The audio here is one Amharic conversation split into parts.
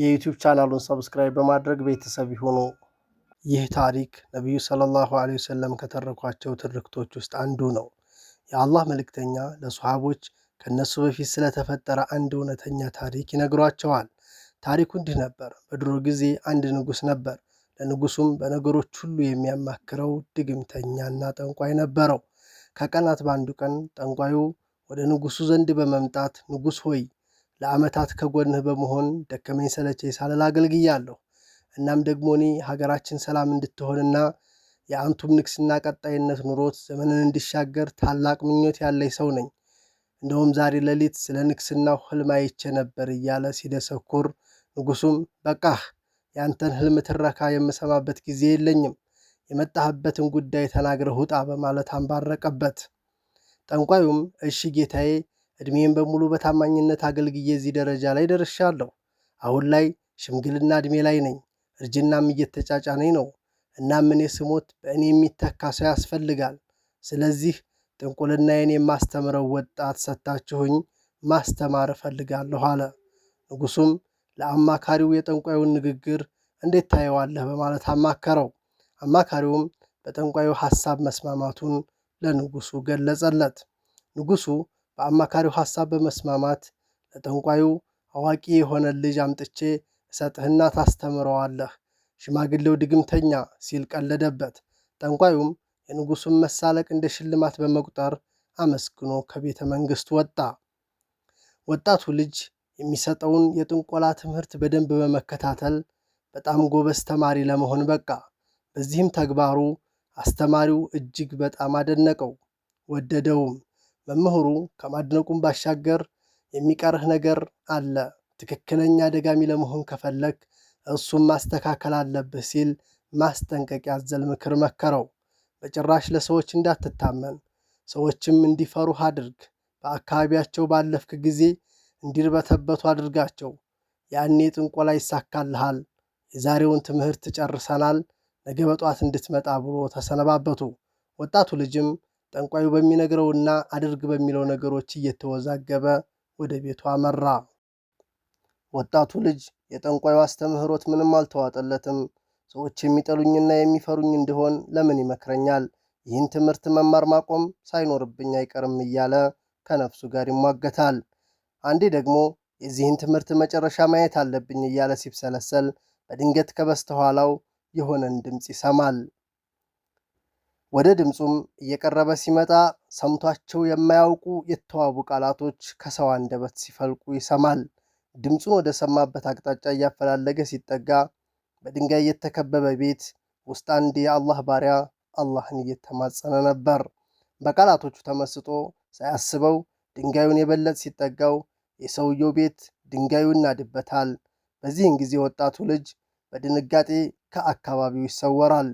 የዩቲዩብ ቻናሉን ሰብስክራይብ በማድረግ ቤተሰብ ይሁኑ። ይህ ታሪክ ነቢዩ ሰለላሁ ዐለይሂ ወሰለም ከተረኳቸው ትርክቶች ውስጥ አንዱ ነው። የአላህ መልእክተኛ ለሰሃቦች ከእነሱ በፊት ስለተፈጠረ አንድ እውነተኛ ታሪክ ይነግሯቸዋል። ታሪኩ እንዲህ ነበር። በድሮ ጊዜ አንድ ንጉሥ ነበር። ለንጉሱም በነገሮች ሁሉ የሚያማክረው ድግምተኛና ጠንቋይ ነበረው። ከቀናት በአንዱ ቀን ጠንቋዩ ወደ ንጉሱ ዘንድ በመምጣት ንጉስ ሆይ ለዓመታት ከጎንህ በመሆን ደከመኝ ሰለቸኝ ሳልል አገልግያለሁ። እናም ደግሞ እኔ ሀገራችን ሰላም እንድትሆንና የአንቱም ንግስና ቀጣይነት ኑሮት ዘመንን እንዲሻገር ታላቅ ምኞት ያለኝ ሰው ነኝ። እንደውም ዛሬ ሌሊት ስለ ንግስናው ህልም አይቼ ነበር እያለ ሲደሰኩር፣ ንጉሱም በቃህ የአንተን ህልም ትረካ የምሰማበት ጊዜ የለኝም፣ የመጣህበትን ጉዳይ ተናግረህ ውጣ በማለት አንባረቀበት። ጠንቋዩም እሺ ጌታዬ እድሜን በሙሉ በታማኝነት አገልግዬ እዚህ ደረጃ ላይ ደርሻለሁ። አሁን ላይ ሽምግልና እድሜ ላይ ነኝ፣ እርጅናም እየተጫጫነኝ ነው። እናም እኔ ስሞት በእኔ የሚተካ ሰው ያስፈልጋል። ስለዚህ ጥንቁልናዬን የማስተምረው ወጣት ሰጥታችሁኝ ማስተማር እፈልጋለሁ አለ። ንጉሱም ለአማካሪው የጠንቋዩን ንግግር እንዴት ታየዋለህ በማለት አማከረው። አማካሪውም በጠንቋዩ ሐሳብ መስማማቱን ለንጉሱ ገለጸለት። ንጉሱ በአማካሪው ሐሳብ በመስማማት ለጠንቋዩ አዋቂ የሆነ ልጅ አምጥቼ እሰጥህና ታስተምረዋለህ፣ ሽማግሌው ድግምተኛ ሲል ቀለደበት። ጠንቋዩም የንጉሱን መሳለቅ እንደ ሽልማት በመቁጠር አመስግኖ ከቤተ መንግሥቱ ወጣ። ወጣቱ ልጅ የሚሰጠውን የጥንቆላ ትምህርት በደንብ በመከታተል በጣም ጎበዝ ተማሪ ለመሆን በቃ። በዚህም ተግባሩ አስተማሪው እጅግ በጣም አደነቀው፣ ወደደውም። መምህሩ ከማድነቁም ባሻገር የሚቀርህ ነገር አለ፣ ትክክለኛ ደጋሚ ለመሆን ከፈለግ እሱም ማስተካከል አለብህ ሲል ማስጠንቀቂያ አዘል ምክር መከረው። በጭራሽ ለሰዎች እንዳትታመን፣ ሰዎችም እንዲፈሩህ አድርግ። በአካባቢያቸው ባለፍክ ጊዜ እንዲርበተበቱ አድርጋቸው። ያኔ ጥንቆላ ይሳካልሃል። የዛሬውን ትምህርት ጨርሰናል፣ ነገ በጧት እንድትመጣ ብሎ ተሰነባበቱ። ወጣቱ ልጅም ጠንቋዩ በሚነግረውና አድርግ በሚለው ነገሮች እየተወዛገበ ወደ ቤቱ አመራ። ወጣቱ ልጅ የጠንቋዩ አስተምህሮት ምንም አልተዋጠለትም። ሰዎች የሚጠሉኝና የሚፈሩኝ እንደሆን ለምን ይመክረኛል? ይህን ትምህርት መማር ማቆም ሳይኖርብኝ አይቀርም እያለ ከነፍሱ ጋር ይሟገታል። አንዴ ደግሞ የዚህን ትምህርት መጨረሻ ማየት አለብኝ እያለ ሲብሰለሰል በድንገት ከበስተኋላው የሆነን ድምፅ ይሰማል። ወደ ድምፁም እየቀረበ ሲመጣ ሰምቷቸው የማያውቁ የተዋቡ ቃላቶች ከሰው አንደበት ሲፈልቁ ይሰማል። ድምፁን ወደ ሰማበት አቅጣጫ እያፈላለገ ሲጠጋ በድንጋይ የተከበበ ቤት ውስጥ አንድ የአላህ ባሪያ አላህን እየተማጸነ ነበር። በቃላቶቹ ተመስጦ ሳያስበው ድንጋዩን የበለጥ ሲጠጋው የሰውየው ቤት ድንጋዩ ይናድበታል። በዚህን ጊዜ ወጣቱ ልጅ በድንጋጤ ከአካባቢው ይሰወራል።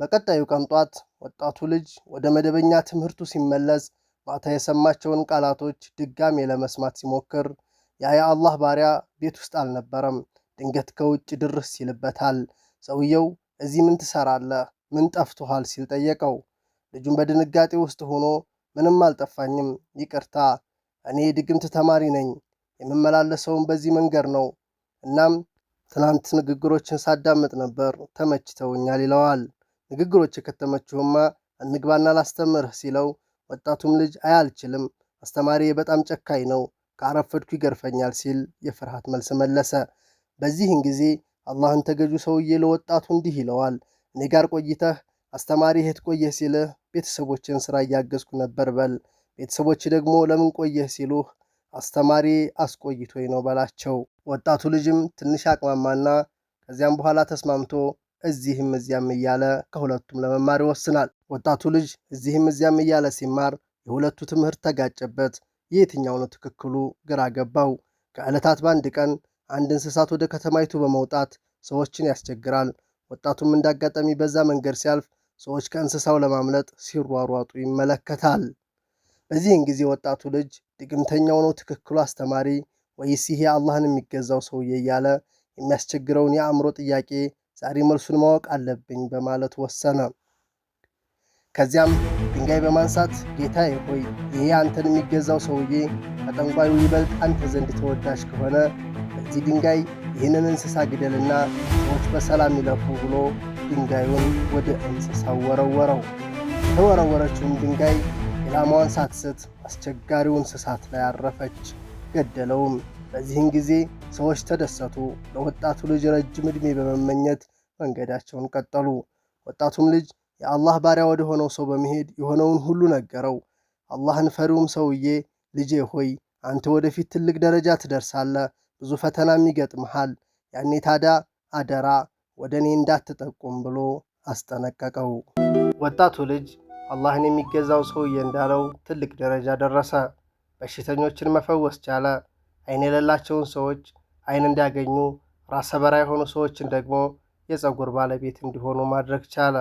በቀጣዩ ቀን ጧት ወጣቱ ልጅ ወደ መደበኛ ትምህርቱ ሲመለስ ማታ የሰማቸውን ቃላቶች ድጋሜ ለመስማት ሲሞክር ያ የአላህ ባሪያ ቤት ውስጥ አልነበረም። ድንገት ከውጭ ድርስ ይልበታል። ሰውየው እዚህ ምን ትሰራለህ? ምን ጠፍቶሃል? ሲል ጠየቀው። ልጁም በድንጋጤ ውስጥ ሆኖ ምንም አልጠፋኝም፣ ይቅርታ፣ እኔ ድግምት ተማሪ ነኝ፣ የምመላለሰውን በዚህ መንገድ ነው። እናም ትናንት ንግግሮችን ሳዳምጥ ነበር፣ ተመችተውኛል ይለዋል። ንግግሮች የከተመችሁማ እንግባና ላስተምርህ ሲለው ወጣቱም ልጅ አያልችልም፣ አስተማሪ በጣም ጨካኝ ነው፣ ከአረፈድኩ ይገርፈኛል ሲል የፍርሃት መልስ መለሰ። በዚህን ጊዜ አላህን ተገጁ ሰውዬ ለወጣቱ እንዲህ ይለዋል፣ እኔ ጋር ቆይተህ አስተማሪ የት ቆየህ ሲልህ ቤተሰቦችን ስራ እያገዝኩ ነበር በል። ቤተሰቦች ደግሞ ለምን ቆየህ ሲሉህ አስተማሪ አስቆይቶኝ ነው በላቸው። ወጣቱ ልጅም ትንሽ አቅማማና ከዚያም በኋላ ተስማምቶ እዚህም እዚያም እያለ ከሁለቱም ለመማር ይወስናል። ወጣቱ ልጅ እዚህም እዚያም እያለ ሲማር የሁለቱ ትምህርት ተጋጨበት። የትኛው ነው ትክክሉ ግራ ገባው። ከዕለታት በአንድ ቀን አንድ እንስሳት ወደ ከተማይቱ በመውጣት ሰዎችን ያስቸግራል። ወጣቱም እንዳጋጣሚ በዛ መንገድ ሲያልፍ ሰዎች ከእንስሳው ለማምለጥ ሲሯሯጡ ይመለከታል። በዚህን ጊዜ ወጣቱ ልጅ ድግምተኛው ነው ትክክሉ አስተማሪ ወይስ ይሄ አላህን የሚገዛው ሰውዬ እያለ የሚያስቸግረውን የአእምሮ ጥያቄ ዛሬ መልሱን ማወቅ አለብኝ በማለት ወሰነ። ከዚያም ድንጋይ በማንሳት ጌታዬ ሆይ ይህ አንተን የሚገዛው ሰውዬ ከጠንቋዩ ይበልጥ አንተ ዘንድ ተወዳጅ ከሆነ በዚህ ድንጋይ ይህንን እንስሳ ግደልና ሰዎች በሰላም ይለፉ ብሎ ድንጋዩን ወደ እንስሳው ወረወረው። የተወረወረችውን ድንጋይ ኢላማዋን ሳትስት አስቸጋሪውን እንስሳት ላይ አረፈች፣ ገደለውም። በዚህን ጊዜ ሰዎች ተደሰቱ። ለወጣቱ ልጅ ረጅም ዕድሜ በመመኘት መንገዳቸውን ቀጠሉ። ወጣቱም ልጅ የአላህ ባሪያ ወደ ሆነው ሰው በመሄድ የሆነውን ሁሉ ነገረው። አላህን ፈሪውም ሰውዬ ልጄ ሆይ አንተ ወደፊት ትልቅ ደረጃ ትደርሳለህ፣ ብዙ ፈተናም ይገጥምሃል። ያኔ ታዳ አደራ ወደ እኔ እንዳትጠቁም ብሎ አስጠነቀቀው። ወጣቱ ልጅ አላህን የሚገዛው ሰውዬ እንዳለው ትልቅ ደረጃ ደረሰ። በሽተኞችን መፈወስ ቻለ። አይን የሌላቸውን ሰዎች አይን እንዲያገኙ፣ ራሰ በራ የሆኑ ሰዎችን ደግሞ የፀጉር ባለቤት እንዲሆኑ ማድረግ ቻለ።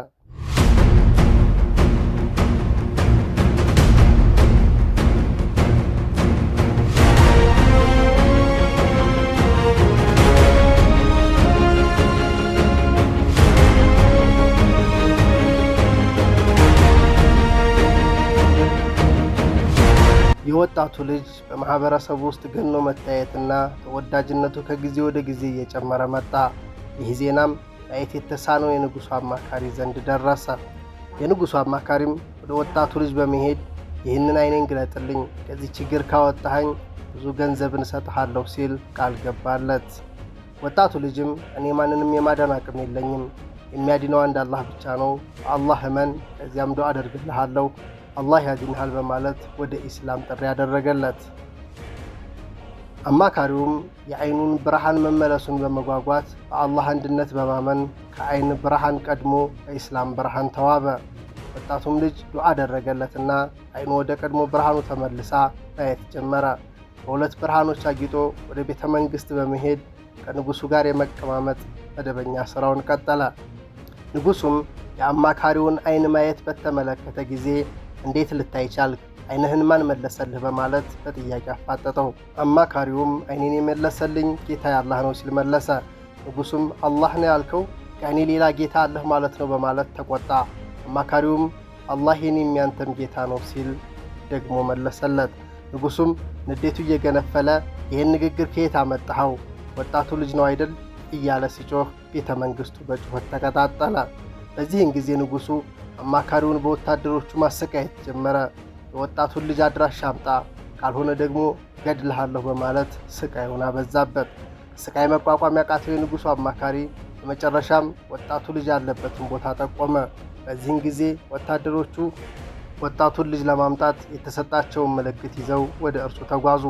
የወጣቱ ልጅ በማህበረሰቡ ውስጥ ገኖ መታየትና ተወዳጅነቱ ከጊዜ ወደ ጊዜ እየጨመረ መጣ። ይህ ዜናም ማየት የተሳነው የንጉሱ አማካሪ ዘንድ ደረሰ። የንጉሱ አማካሪም ወደ ወጣቱ ልጅ በመሄድ ይህንን ዓይኔን ግለጥልኝ፣ ከዚህ ችግር ካወጣኸኝ ብዙ ገንዘብን እሰጥሃለሁ ሲል ቃል ገባለት። ወጣቱ ልጅም እኔ ማንንም የማዳን አቅም የለኝም፣ የሚያድነው አንድ አላህ ብቻ ነው፣ አላህ እመን፣ ከዚያም ዶ አደርግልሃለሁ አላህ ያድንሃል በማለት ወደ ኢስላም ጥሪ ያደረገለት። አማካሪውም የአይኑን ብርሃን መመለሱን በመጓጓት በአላህ አንድነት በማመን ከአይን ብርሃን ቀድሞ በኢስላም ብርሃን ተዋበ። ወጣቱም ልጅ ዱዓ አደረገለትና አይኑ ወደ ቀድሞ ብርሃኑ ተመልሳ ማየት ጀመረ። በሁለት ብርሃኖች አጊጦ ወደ ቤተ መንግሥት በመሄድ ከንጉሡ ጋር የመቀማመጥ መደበኛ ሥራውን ቀጠለ። ንጉሡም የአማካሪውን አይን ማየት በተመለከተ ጊዜ እንዴት ልታይ ቻልክ? አይንህን ማን መለሰልህ? በማለት በጥያቄ አፋጠጠው። አማካሪውም አይኔን የመለሰልኝ ጌታ አላህ ነው ሲል መለሰ። ንጉሱም አላህ ነው ያልከው ከእኔ ሌላ ጌታ አለህ ማለት ነው በማለት ተቆጣ። አማካሪውም አላህ የኔም ያንተም ጌታ ነው ሲል ደግሞ መለሰለት። ንጉሱም ንዴቱ እየገነፈለ ይህን ንግግር ከየት አመጣኸው? ወጣቱ ልጅ ነው አይደል? እያለ ሲጮህ ቤተ መንግስቱ በጩኸት ተቀጣጠለ። በዚህን ጊዜ ንጉሱ አማካሪውን በወታደሮቹ ማሰቃየት ጀመረ። የወጣቱን ልጅ አድራሻ አምጣ፣ ካልሆነ ደግሞ ገድልሃለሁ በማለት ስቃዩን አበዛበት። ስቃይ መቋቋም ያቃተው የንጉሱ አማካሪ በመጨረሻም ወጣቱ ልጅ ያለበትን ቦታ ጠቆመ። በዚህን ጊዜ ወታደሮቹ ወጣቱን ልጅ ለማምጣት የተሰጣቸውን ምልክት ይዘው ወደ እርሱ ተጓዙ።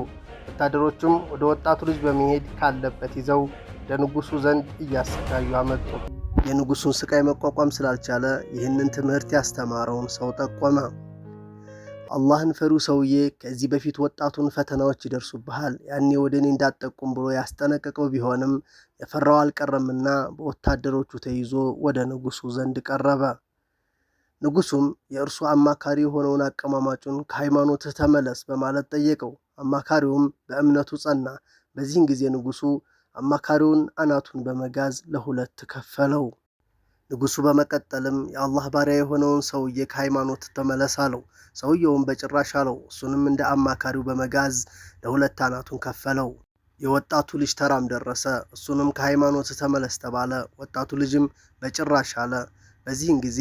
ወታደሮቹም ወደ ወጣቱ ልጅ በመሄድ ካለበት ይዘው ለንጉሱ ዘንድ እያሰቃዩ አመጡት። የንጉሱን ስቃይ መቋቋም ስላልቻለ ይህንን ትምህርት ያስተማረውን ሰው ጠቆመ። አላህን ፈሪው ሰውዬ ከዚህ በፊት ወጣቱን ፈተናዎች ይደርሱብሃል፣ ያኔ ወደ እኔ እንዳጠቁም ብሎ ያስጠነቀቀው ቢሆንም የፈራው አልቀረምና በወታደሮቹ ተይዞ ወደ ንጉሱ ዘንድ ቀረበ። ንጉሱም የእርሱ አማካሪ የሆነውን አቀማማጩን ከሃይማኖትህ ተመለስ በማለት ጠየቀው። አማካሪውም በእምነቱ ጸና። በዚህን ጊዜ ንጉሱ አማካሪውን አናቱን በመጋዝ ለሁለት ከፈለው። ንጉሱ በመቀጠልም የአላህ ባሪያ የሆነውን ሰውዬ ከሃይማኖት ተመለስ አለው። ሰውየውም በጭራሽ አለው። እሱንም እንደ አማካሪው በመጋዝ ለሁለት አናቱን ከፈለው። የወጣቱ ልጅ ተራም ደረሰ። እሱንም ከሃይማኖት ተመለስ ተባለ። ወጣቱ ልጅም በጭራሽ አለ። በዚህን ጊዜ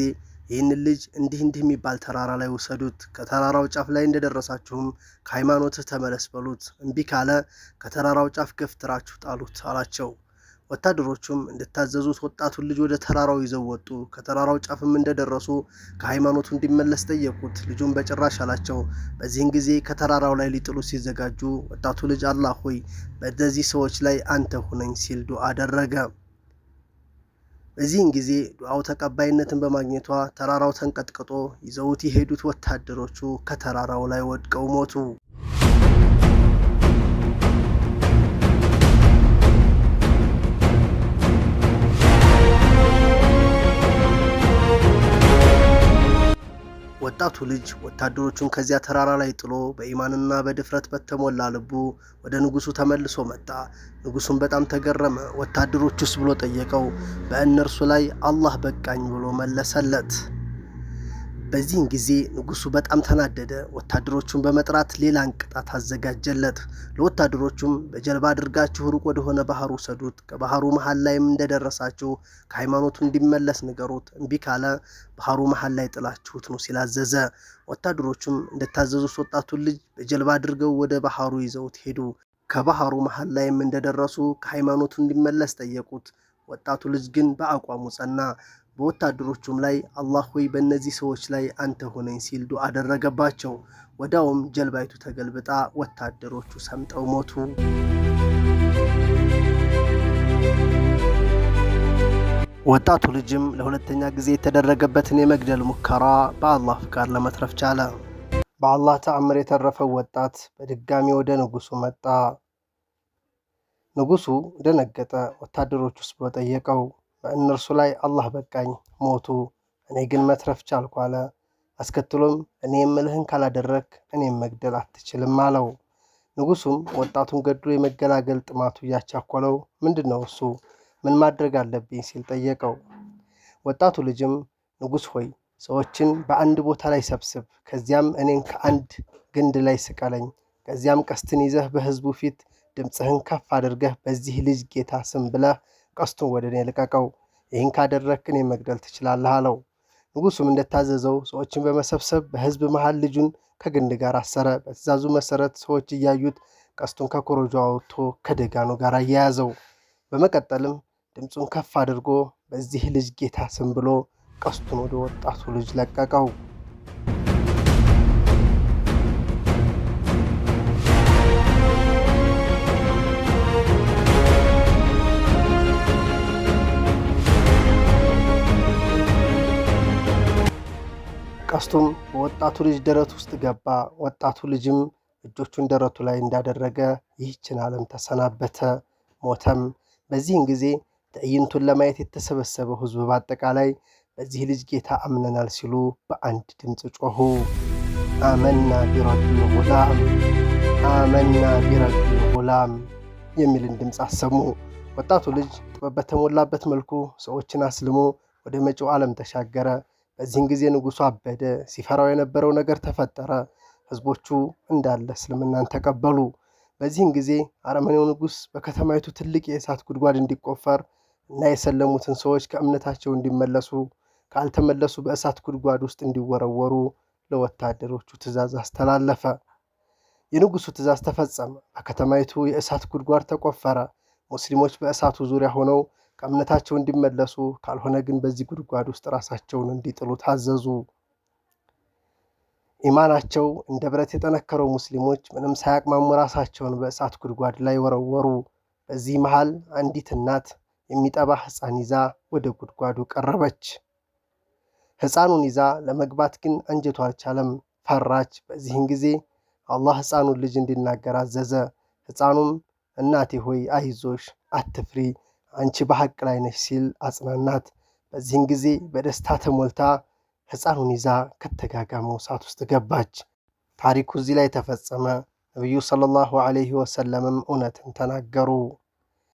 ይህንን ልጅ እንዲህ እንዲህ የሚባል ተራራ ላይ ውሰዱት። ከተራራው ጫፍ ላይ እንደደረሳችሁም ከሃይማኖት ተመለስ በሉት። እምቢ ካለ ከተራራው ጫፍ ገፍትራችሁ ጣሉት አላቸው። ወታደሮቹም እንድታዘዙት ወጣቱን ልጅ ወደ ተራራው ይዘው ወጡ። ከተራራው ጫፍም እንደደረሱ ከሃይማኖቱ እንዲመለስ ጠየቁት። ልጁም በጭራሽ አላቸው። በዚህን ጊዜ ከተራራው ላይ ሊጥሉ ሲዘጋጁ ወጣቱ ልጅ አላህ ሆይ በእነዚህ ሰዎች ላይ አንተ ሁነኝ ሲል ዱዓ አደረገ። በዚህን ጊዜ ዱዓው ተቀባይነትን በማግኘቷ ተራራው ተንቀጥቅጦ ይዘውት የሄዱት ወታደሮቹ ከተራራው ላይ ወድቀው ሞቱ። ወጣቱ ልጅ ወታደሮቹን ከዚያ ተራራ ላይ ጥሎ በኢማንና በድፍረት በተሞላ ልቡ ወደ ንጉሱ ተመልሶ መጣ። ንጉሱም በጣም ተገረመ። ወታደሮቹስ ብሎ ጠየቀው። በእነርሱ ላይ አላህ በቃኝ ብሎ መለሰለት። በዚህን ጊዜ ንጉሱ በጣም ተናደደ። ወታደሮቹን በመጥራት ሌላ እንቅጣት አዘጋጀለት። ለወታደሮቹም በጀልባ አድርጋችሁ ሩቅ ወደሆነ ባህር ውሰዱት፣ ከባህሩ መሀል ላይም እንደደረሳችሁ ከሃይማኖቱ እንዲመለስ ንገሩት፣ እምቢ ካለ ባህሩ መሀል ላይ ጥላችሁት ነው ሲላዘዘ ወታደሮቹም እንደታዘዙት ወጣቱን ልጅ በጀልባ አድርገው ወደ ባህሩ ይዘውት ሄዱ። ከባህሩ መሀል ላይም እንደደረሱ ከሃይማኖቱ እንዲመለስ ጠየቁት። ወጣቱ ልጅ ግን በአቋሙ ጸና። በወታደሮቹም ላይ አላህ ሆይ በእነዚህ ሰዎች ላይ አንተ ሆነኝ ሲል ዱ አደረገባቸው። ወዳውም ጀልባይቱ ተገልብጣ ወታደሮቹ ሰምጠው ሞቱ። ወጣቱ ልጅም ለሁለተኛ ጊዜ የተደረገበትን የመግደል ሙከራ በአላህ ፍቃድ ለመትረፍ ቻለ። በአላህ ተአምር የተረፈው ወጣት በድጋሚ ወደ ንጉሱ መጣ። ንጉሱ ደነገጠ። ወታደሮቹስ ብሎ ጠየቀው። በእነርሱ ላይ አላህ በቃኝ ሞቱ፣ እኔ ግን መትረፍ ቻልኩ አለ። አስከትሎም እኔ የምልህን ካላደረክ እኔም መግደል አትችልም አለው። ንጉሱም ወጣቱን ገድሎ የመገላገል ጥማቱ እያቻኮለው ምንድን ነው እሱ ምን ማድረግ አለብኝ ሲል ጠየቀው። ወጣቱ ልጅም ንጉስ ሆይ ሰዎችን በአንድ ቦታ ላይ ሰብስብ፣ ከዚያም እኔን ከአንድ ግንድ ላይ ስቀለኝ፣ ከዚያም ቀስትን ይዘህ በህዝቡ ፊት ድምፅህን ከፍ አድርገህ በዚህ ልጅ ጌታ ስም ብለህ ቀስቶ ወደ እኔ ልቀቀው፣ ይህን ካደረግክ እኔን መግደል ትችላለህ አለው። ንጉሱም እንደታዘዘው ሰዎችን በመሰብሰብ በሕዝብ መሃል ልጁን ከግንድ ጋር አሰረ። በትእዛዙ መሰረት ሰዎች እያዩት ቀስቱን ከኮረጆ አውጥቶ ከደጋኑ ጋር አያያዘው። በመቀጠልም ድምፁን ከፍ አድርጎ በዚህ ልጅ ጌታ ስም ብሎ ቀስቱን ወደ ወጣቱ ልጅ ለቀቀው። ቀስቱም በወጣቱ ልጅ ደረት ውስጥ ገባ። ወጣቱ ልጅም እጆቹን ደረቱ ላይ እንዳደረገ ይህችን ዓለም ተሰናበተ፣ ሞተም። በዚህን ጊዜ ትዕይንቱን ለማየት የተሰበሰበው ሕዝብ በአጠቃላይ በዚህ ልጅ ጌታ አምነናል ሲሉ በአንድ ድምፅ ጮኹ። አመና ቢረቢል ጉላም አመና ቢረቢል ጉላም የሚልን ድምፅ አሰሙ። ወጣቱ ልጅ ጥበብ በተሞላበት መልኩ ሰዎችን አስልሞ ወደ መጪው ዓለም ተሻገረ። በዚህን ጊዜ ንጉሱ አበደ። ሲፈራው የነበረው ነገር ተፈጠረ። ህዝቦቹ እንዳለ እስልምናን ተቀበሉ። በዚህን ጊዜ አረመኔው ንጉስ በከተማይቱ ትልቅ የእሳት ጉድጓድ እንዲቆፈር እና የሰለሙትን ሰዎች ከእምነታቸው እንዲመለሱ ካልተመለሱ በእሳት ጉድጓድ ውስጥ እንዲወረወሩ ለወታደሮቹ ትእዛዝ አስተላለፈ። የንጉሱ ትእዛዝ ተፈጸመ። በከተማይቱ የእሳት ጉድጓድ ተቆፈረ። ሙስሊሞች በእሳቱ ዙሪያ ሆነው ከእምነታቸው እንዲመለሱ ካልሆነ ግን በዚህ ጉድጓድ ውስጥ ራሳቸውን እንዲጥሉ ታዘዙ። ኢማናቸው እንደ ብረት የጠነከረው ሙስሊሞች ምንም ሳያቅማሙ ራሳቸውን በእሳት ጉድጓድ ላይ ወረወሩ። በዚህ መሃል አንዲት እናት የሚጠባ ሕፃን ይዛ ወደ ጉድጓዱ ቀረበች። ሕፃኑን ይዛ ለመግባት ግን አንጀቷ አልቻለም፣ ፈራች። በዚህን ጊዜ አላህ ሕፃኑን ልጅ እንዲናገር አዘዘ። ሕፃኑም እናቴ ሆይ አይዞሽ፣ አትፍሪ አንቺ በሐቅ ላይ ነሽ ሲል አጽናናት። በዚህን ጊዜ በደስታ ተሞልታ ሕፃኑን ይዛ ከተጋጋመው እሳት ውስጥ ገባች። ታሪኩ እዚህ ላይ ተፈጸመ። ነቢዩ ሰለላሁ ዐለይሂ ወሰለምም እውነትን ተናገሩ።